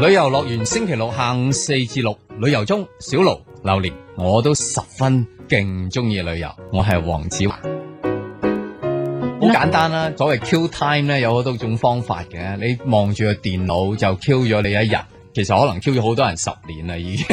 旅遊樂園星期六下午四至六旅遊中，小盧、榴蓮，我都十分勁中意旅遊。我係黃子華，好 簡單啦。所謂 Q time 咧，有好多種方法嘅。你望住個電腦就 Q 咗你一日。其實可能 Q 咗好多人十年啦，已經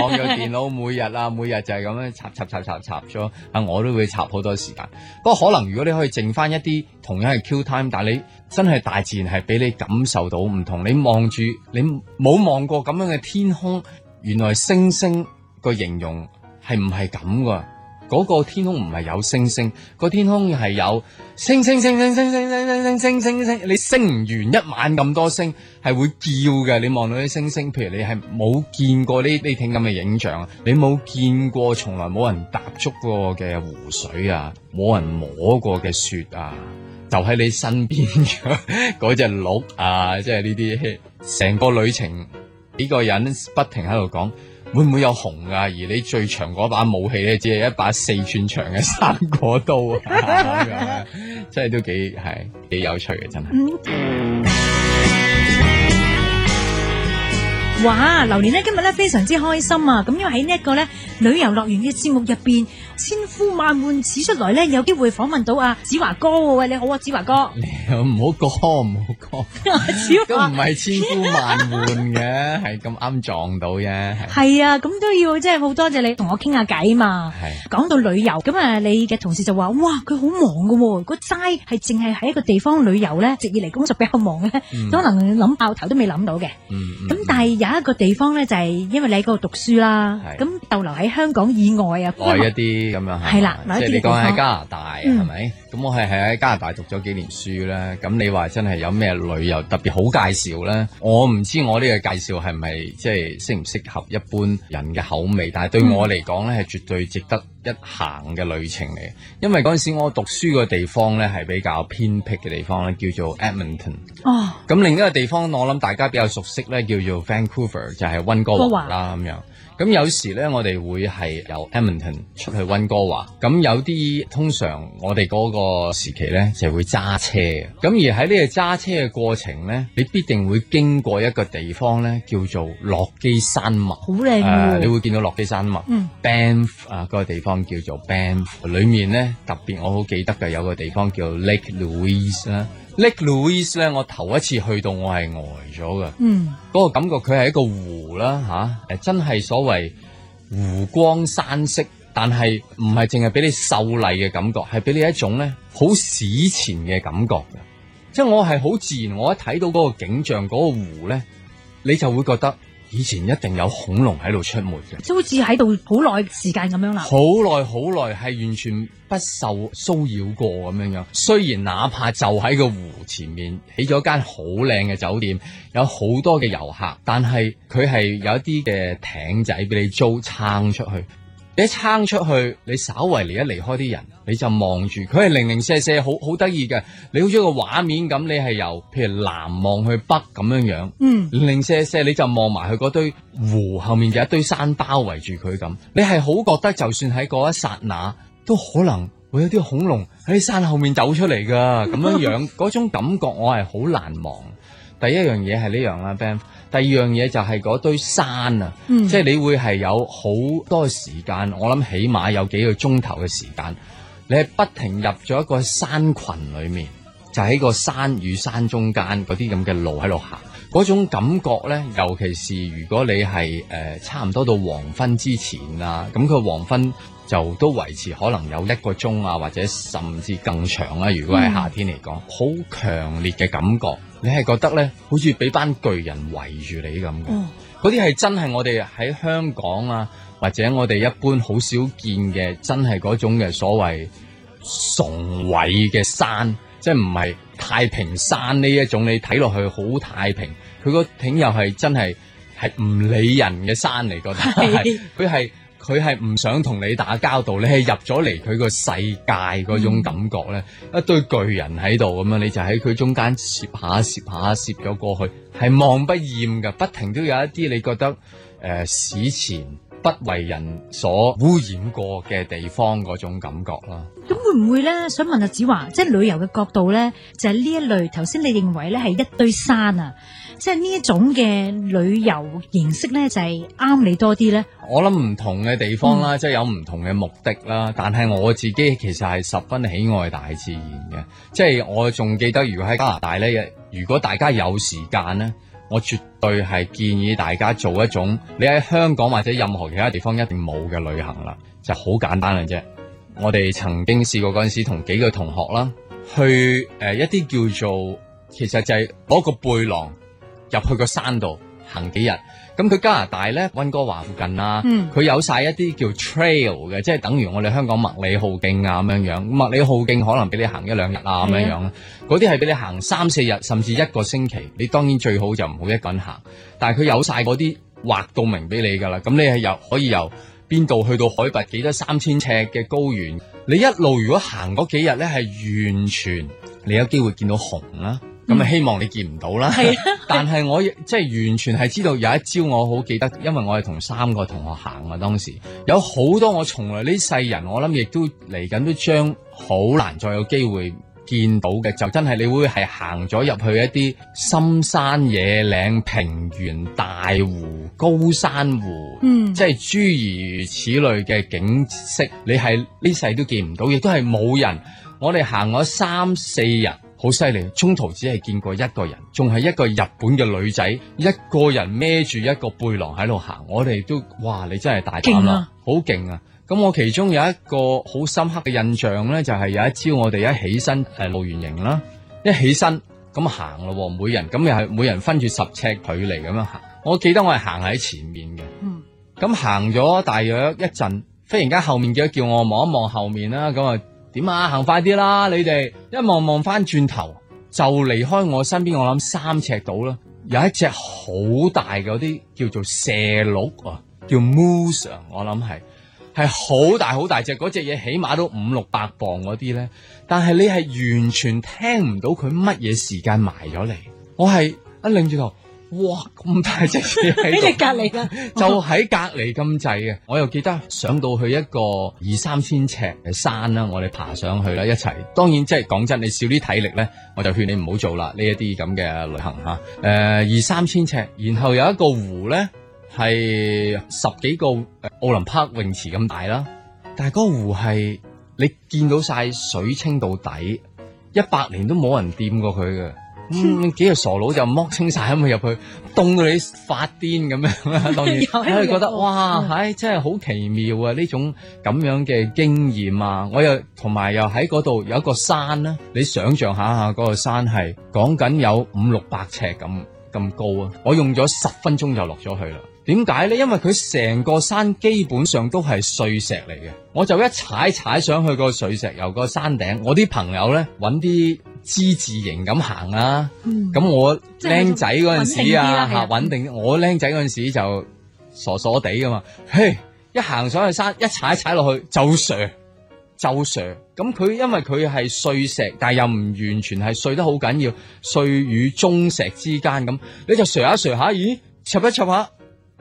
望住 電腦每日啊，每日就係咁樣插插插插插咗，啊我都會插好多時間。不過可能如果你可以剩翻一啲同樣嘅 Q time，但係你真係大自然係俾你感受到唔同。你望住你冇望過咁樣嘅天空，原來星星個形容係唔係咁㗎。嗰個天空唔係有星星，個天空係有星星星星星星星星星星。你星唔完一晚咁多星，係會叫嘅。你望到啲星星，譬如你係冇見過呢呢啲咁嘅影像，你冇見過從來冇人踏足過嘅湖水啊，冇人摸過嘅雪啊，就喺你身邊嗰隻鹿啊，即係呢啲成個旅程，呢個人不停喺度講。會唔會有紅啊？而你最長嗰把武器咧，只係一把四吋長嘅生果刀啊！ 真係都幾係幾有趣嘅，真係。 哇！榴蓮咧今日咧非常之開心啊！咁因為喺呢一個咧旅遊樂園嘅節目入邊，千呼萬喚始出來咧，有機會訪問到啊子華哥、哦。喂，你好啊，子華哥。你唔好講唔好講， 都唔係千呼萬喚嘅，係咁啱撞到啫。係啊，咁都要即係好多謝你同我傾下計嘛。係的。講到旅遊，咁啊，你嘅同事就話：，哇，佢好忙噶、哦，個齋係淨係喺一個地方旅遊咧，直以嚟，工作比較忙嘅，可能諗爆頭都未諗到嘅。嗯。咁、嗯、但係有一個地方咧，就係因為你喺嗰度讀書啦，咁是逗留喺香港以外啊，外一啲咁樣係，係啦吧，即係你講喺加拿大係咪？咁、嗯、我係係喺加拿大讀咗幾年書咧。咁你話真係有咩旅遊特別好介紹咧？我唔知我呢個介紹係咪即係適唔適合一般人嘅口味，但係對我嚟講咧係絕對值得。一行嘅旅程嚟，因為嗰陣時我讀書個地方咧，係比較偏僻嘅地方咧，叫做 Edmonton。哦，咁另一個地方我諗大家比較熟悉咧，叫做 Vancouver，就係溫哥華啦，咁樣。咁有時咧，我哋會係由 Edmonton 出去溫哥華。咁有啲通常我哋嗰個時期咧，就會揸車。咁而喺呢個揸車嘅過程咧，你必定會經過一個地方咧，叫做落基山脈。好靚啊！你會見到落基山脈。Banff 啊，嗰、呃嗰個地方叫做 Banff，裡面咧特別，我好記得嘅有個地方叫 Lake Louise 啦、啊。Lake Louise 咧，我頭一次去到我，我係呆咗嘅，嗯，個感覺，佢係一個湖啦，吓，誒，真係所謂湖光山色，但係唔係淨係俾你秀麗嘅感覺，係俾你一種咧好史前嘅感覺。即係我係好自然，我一睇到個景象，嗰個湖咧，你就會覺得。以前一定有恐龍喺度出沒嘅，即好似喺度好耐時間咁樣啦。好耐好耐係完全不受騷擾過咁樣樣。雖然哪怕就喺個湖前面起咗一間好靚嘅酒店，有好多嘅遊客，但係佢係有一啲嘅艇仔俾你租撐出去。一撐出去，你稍微離一離開啲人，你就望住佢，係零零舍舍，好好得意嘅。你好似一個畫面咁，你係由，譬如南望去北咁樣樣，嗯，零零舍舍，你就望埋佢嗰堆湖後面有一堆山包圍住佢咁。你係好覺得，就算喺嗰一剎那，都可能會有啲恐龍喺山後面走出嚟噶咁樣樣，嗰 種感覺我係好難忘。第一樣嘢係呢樣啦，Ben。第二樣嘢就係堆山啊，嗯，即係你會係有好多時間，我諗起碼有幾個鐘頭嘅時間，你係不停入咗一個山群裏面，就喺個山與山中間啲咁嘅路喺度行。嗰種感覺呢，尤其係如果你係誒、呃、差唔多到黃昏之前啊，咁、嗯、佢、那個、黃昏就都維持可能有一個鐘啊，或者甚至更長啊。如果係夏天嚟講，好強、嗯、烈嘅感覺，你係覺得呢，好似俾班巨人圍住你咁嘅。嗰啲係真係我哋喺香港啊，或者我哋一般好少見嘅，真係嗰種嘅所謂崇偉嘅山。即係唔係太平山呢一種？你睇落去好太平，佢個頂又係真係係唔理人嘅山嚟，覺得佢係佢係唔想同你打交道，你係入咗嚟佢個世界嗰種感覺咧，嗯、一堆巨人喺度咁樣，你就喺佢中間蝕下蝕下蝕咗過去，係望不厭㗎，不停都有一啲你覺得誒、呃、史前。不為人所污染過嘅地方嗰種感覺啦，咁、啊、會唔會呢？想問阿子華，即係旅遊嘅角度呢，就係呢一類。頭先你認為呢係一堆山啊，即係呢一種嘅旅遊形式呢，就係啱你多啲呢。我諗唔同嘅地方啦，即係、嗯、有唔同嘅目的啦。但係我自己其實係十分喜愛大自然嘅，即係我仲記得，如果喺加拿大呢，如果大家有時間呢。我絕對係建議大家做一種你喺香港或者任何其他地方一定冇嘅旅行啦，就係好簡單嘅啫。我哋曾經試過嗰陣時同幾個同學啦，去、呃、誒一啲叫做其實就係攞個背囊入去個山度行幾日。咁佢加拿大咧溫哥華附近啦，啊，佢、嗯、有晒一啲叫 trail 嘅，即係等於我哋香港麥理浩徑啊咁樣樣。麥理浩徑可能俾你行一兩日啊咁、嗯、樣樣啦，嗰啲係俾你行三四日甚至一個星期。你當然最好就唔好一個人行，但係佢有晒嗰啲畫到明俾你噶啦。咁你係由可以由邊度去到海拔幾多三千尺嘅高原？你一路如果行嗰幾日咧，係完全你有機會見到熊啦。咁啊，嗯、希望你見唔到啦。啊、 但係我即係完全係知道有一招，我好記得，因為我係同三個同學行啊，當時有好多我從來呢世人，我諗亦都嚟緊都將好難再有機會見到嘅，就真係你會係行咗入去一啲深山野嶺、平原、大湖、高山湖，嗯，即係諸如此類嘅景色，你係呢世都見唔到，亦都係冇人。我哋行咗三四日。好犀利，中途只係見過一個人，仲係一個日本嘅女仔，一個人孭住一個背囊喺度行。我哋都，哇！你真係大膽啦，好勁啊！咁、啊、我其中有一個好深刻嘅印象呢，就係、是、有一朝我哋一起身，誒、呃，露完營啦，一起身咁行咯，每人咁又係每人分住十尺距離咁樣行。我記得我係行喺前面嘅，咁行咗大約一陣，忽然間後面叫叫我望一望後面啦，咁啊。點啊，行快啲啦！你哋一望望翻轉頭就離開我身邊，我諗三尺到啦。有一隻好大嗰啲叫做蛇鹿啊，叫 mongoose，我諗係係好大好大隻，嗰隻嘢起碼都五六百磅嗰啲咧。但係你係完全聽唔到佢乜嘢時間埋咗嚟，我係一擰住頭。哇！咁大隻嘢喺度， 你隔籬噶， 就喺隔籬咁滯嘅。 我又記得上到去一個二三千尺嘅山啦，我哋爬上去啦一齊。當然即係講真，你少啲體力咧，我就勸你唔好做啦呢一啲咁嘅旅行嚇。誒，二三千尺，然後有一個湖咧，係十幾個誒奧林匹泳池咁大啦。但係嗰個湖係你見到晒，水清到底，一百年都冇人掂過佢嘅。嗯，幾個傻佬就剝清晒咁入去，凍到你發癲咁樣啊！ 當然，佢 有、哎、覺得哇，唉、哎，真係好奇妙啊！呢種咁樣嘅經驗啊，我又同埋又喺嗰度有一個山咧、啊，你想像下下嗰、嗰個山係講緊有五六百尺咁咁高啊！我用咗十分鐘就落咗去啦。點解呢？因為佢成個山基本上都係碎石嚟嘅，我就一踩踩上去個碎石，由個山頂，我啲朋友呢揾啲之字形咁行啦。咁、嗯、我僆仔嗰陣時啊吓穩、啊、下定，我僆仔嗰陣時就傻傻地㗎嘛。嘿，一行上去山，一踩踩落去就斜就斜。咁佢因為佢係碎石，但係又唔完全係碎得好緊要，碎與中石之間咁，你就斜下斜下，咦、啊、插、啊嗯、一插下。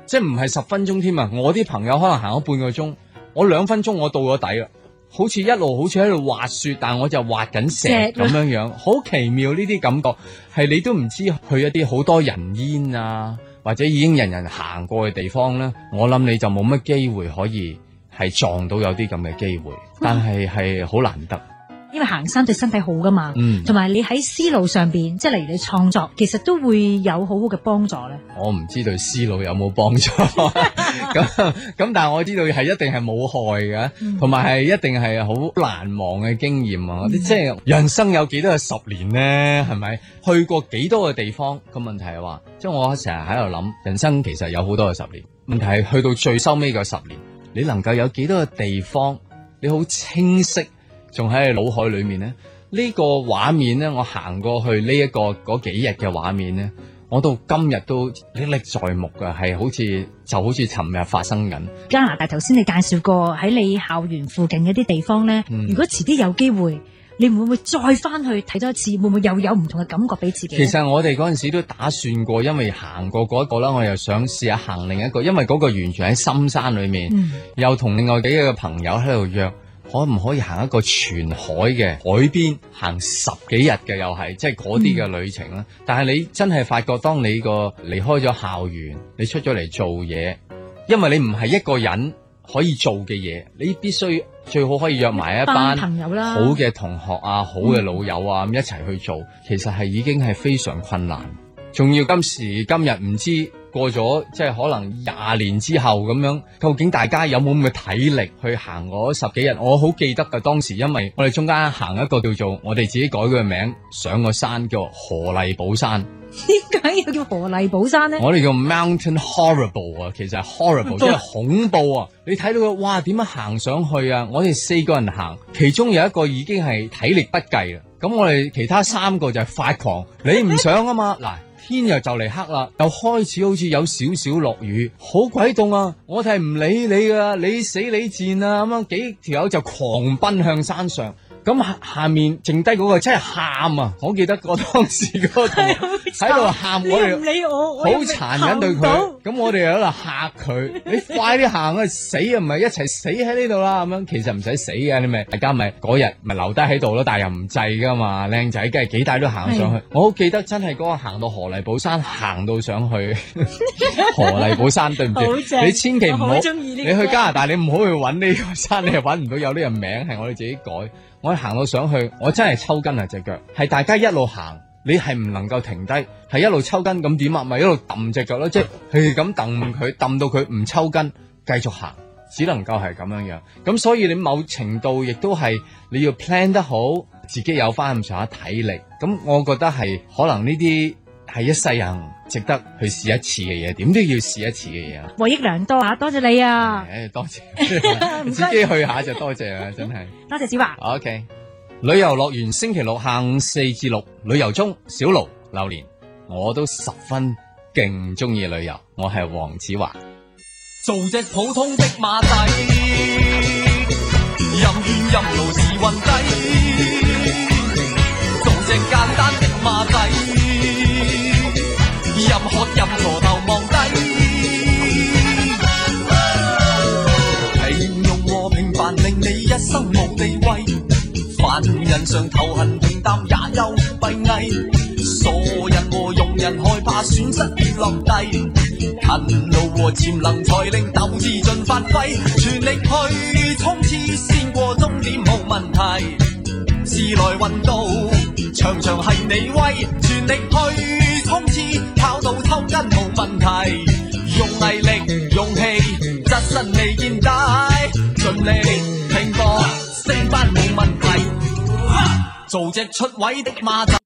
即係唔係十分鐘添啊！我啲朋友可能行咗半個鐘，我兩分鐘我到咗底啦。好似一路好似喺度滑雪，但係我就滑緊石咁樣樣，好奇妙呢啲感覺係你都唔知去一啲好多人煙啊，或者已經人人行過嘅地方呢。我諗你就冇乜機會可以係撞到有啲咁嘅機會，但係係好難得。因為行山對身體好噶嘛，同埋、嗯、你喺思路上邊，即係例如你創作，其實都會有好好嘅幫助咧。我唔知對思路有冇幫助，咁咁，但係我知道係一定係冇害嘅，同埋係一定係好難忘嘅經驗啊！嗯、即係人生有幾多個十年咧？係咪去過幾多個地方？個問題係話，即係我成日喺度諗，人生其實有好多個十年。問題係去到最收尾個十年，你能夠有幾多個地方，你好清晰？仲喺腦海裏面呢，呢、呢個畫面呢，我行過去呢、呢、一個嗰幾日嘅畫面呢，我到今日都歷歷在目，係好似就好似尋日發生緊。加拿大頭先你介紹過喺你校園附近嗰啲地方呢，嗯、如果遲啲有機會，你會唔會再翻去睇多一次？會唔會又有唔同嘅感覺俾自己？其實我哋嗰陣時都打算過，因為行過嗰、嗰、一個啦，我又想試下行另一個，因為嗰個完全喺深山裏面，嗯、又同另外幾個朋友喺度約。可唔可以行一個全海嘅海邊行十幾日嘅，又係即係嗰啲嘅旅程咧？嗯、但係你真係發覺當你個離開咗校園，你出咗嚟做嘢，因為你唔係一個人可以做嘅嘢，你必須最好可以約埋一班朋友啦，好嘅同學啊，好嘅老友啊，咁一齊去做，其實，係已經，係非常困難。仲要今時今日唔知過咗，即係可能廿年之後咁樣，究竟大家有冇咁嘅體力去行嗰十幾日？我好記得嘅當時，因為我哋中間行一個叫做我哋自己改個名上個山叫何麗寶山，點解要叫何麗寶山呢？我哋叫 Mountain Horrible 啊，其實 Horrible 即係恐怖啊！你睇到佢，哇，點樣行上去啊？我哋四個人行，其中有一個已經係體力不繼啦，咁我哋其他三個就係發狂，你唔想啊嘛嗱。天又就嚟黑啦，又開始好似有少少落雨，好鬼凍啊！我哋係唔理你㗎，你死你賤啊！咁樣幾條友就狂奔向山上，咁下面剩低嗰個真係喊啊！我記得我當時嗰個同學喺度喊，我哋好殘忍對佢。咁 我哋又喺度吓佢，你快啲行啊！死啊！唔係一齊死喺呢度啦！咁樣其實唔使死嘅，你咪大家咪嗰日咪留低喺度咯。但係又唔制噶嘛，靚仔，梗係幾大都行上去。是我好記得真係嗰個行到河泥寶山，行到上去。 河泥寶山對唔對？ 棒你千祈唔好，這個、你去加拿大你唔好去搵呢個山，你又搵唔到有呢個名，係 我哋自己改。我行到上去，我真係抽筋啊隻腳，係大家一路行。你係唔能夠停低，係一路抽筋咁點啊？咪一路揼隻腳咯，即係咁揼佢，揼到佢唔抽筋，繼續行，只能夠係咁樣樣。咁所以你某程度亦都係你要 plan 得好，自己有返咁上下體力。咁我覺得係可能呢啲係一世人值得去試一次嘅嘢，點都要試一次嘅嘢。獲益良多啊！多謝你啊！誒， 多謝你、啊， 自己去下就多謝啦、啊，真係。多謝小華。OK。旅遊樂園，星期六下午四至六旅遊中，小盧、榴蓮，我都十分勁中意旅遊。我係黃子華，做隻普通的馬仔，任怨任路，時運低。人上頭痕平淡也有閉翳，傻人和庸人害怕損失與落低，勤勞和潛能才令鬥志盡發揮，全力去衝刺先過終點冇問題。時來運到，場場係你威，全力去衝刺，跑到抽筋冇問題。用毅力，力，用氣，側身未見底，盡力。做隻出位的馬仔。